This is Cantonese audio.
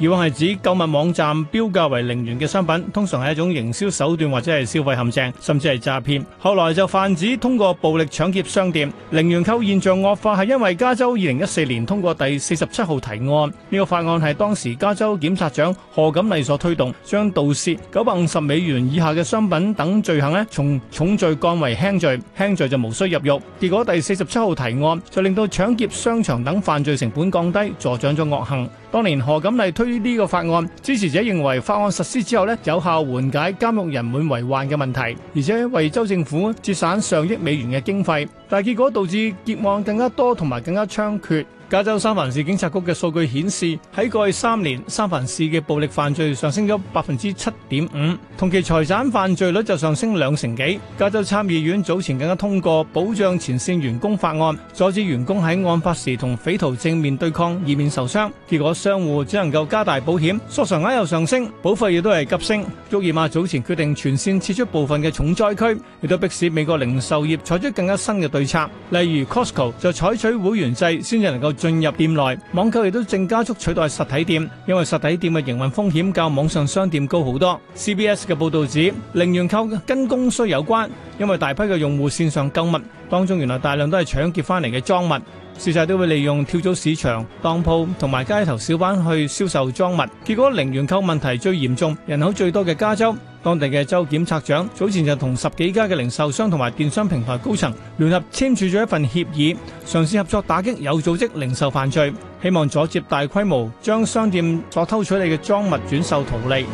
以往係指購物網站標價為零元嘅商品，通常係一種營銷手段或者係消費陷阱，甚至係詐騙。後來就泛指通過暴力搶劫商店。零元購現象惡化係因為加州2014年通過第四十七號提案，呢、這個法案係當時加州檢察長賀錦麗所推動，將盜竊九百五十美元以下嘅商品等罪行咧，從重罪降為輕罪，輕罪就無需入獄。結果第四十七號提案就令到搶劫商場等犯罪成本降低，助長咗惡行。當年何錦麗推呢個法案，支持者認為法案實施之後呢，有效緩解監獄人滿為患嘅問題，而且為州政府節省上億美元嘅經費，但結果導致劫案更加多同埋更加猖獗。加州三藩市警察局嘅數據顯示，喺過去三年，三藩市嘅暴力犯罪上升咗百分之七點五，同期財產犯罪率就上升兩成幾。加州參議院早前更加通過保障前綫員工法案，阻止員工喺案發時同匪徒正面對抗以免受傷，結果商戶只能夠加大保險，索償額又上升，保費亦都係急升。沃爾瑪早前決定全綫撤出部分嘅重災區，亦都迫使美國零售業採取更加新嘅對策，例如 Costco 就採取會員制先至能夠，進入店內，網購亦都正加速取代實體店，因為實體店嘅營運風險較網上商店高好多。CBS 嘅報導指，零元購跟供需有關，因為大批嘅用戶線上購物，當中原來大量都係搶劫翻嚟嘅贓物。事實都會利用跳蚤市場、當鋪同埋街頭小販去銷售贓物，結果零元購問題最嚴重，人口最多嘅加州，當地嘅州檢察長早前就同十幾家嘅零售商同埋電商平台高層聯合簽署咗一份協議，嘗試合作打擊有組織零售犯罪，希望阻截大規模將商店所偷取嚟嘅贓物轉售圖利。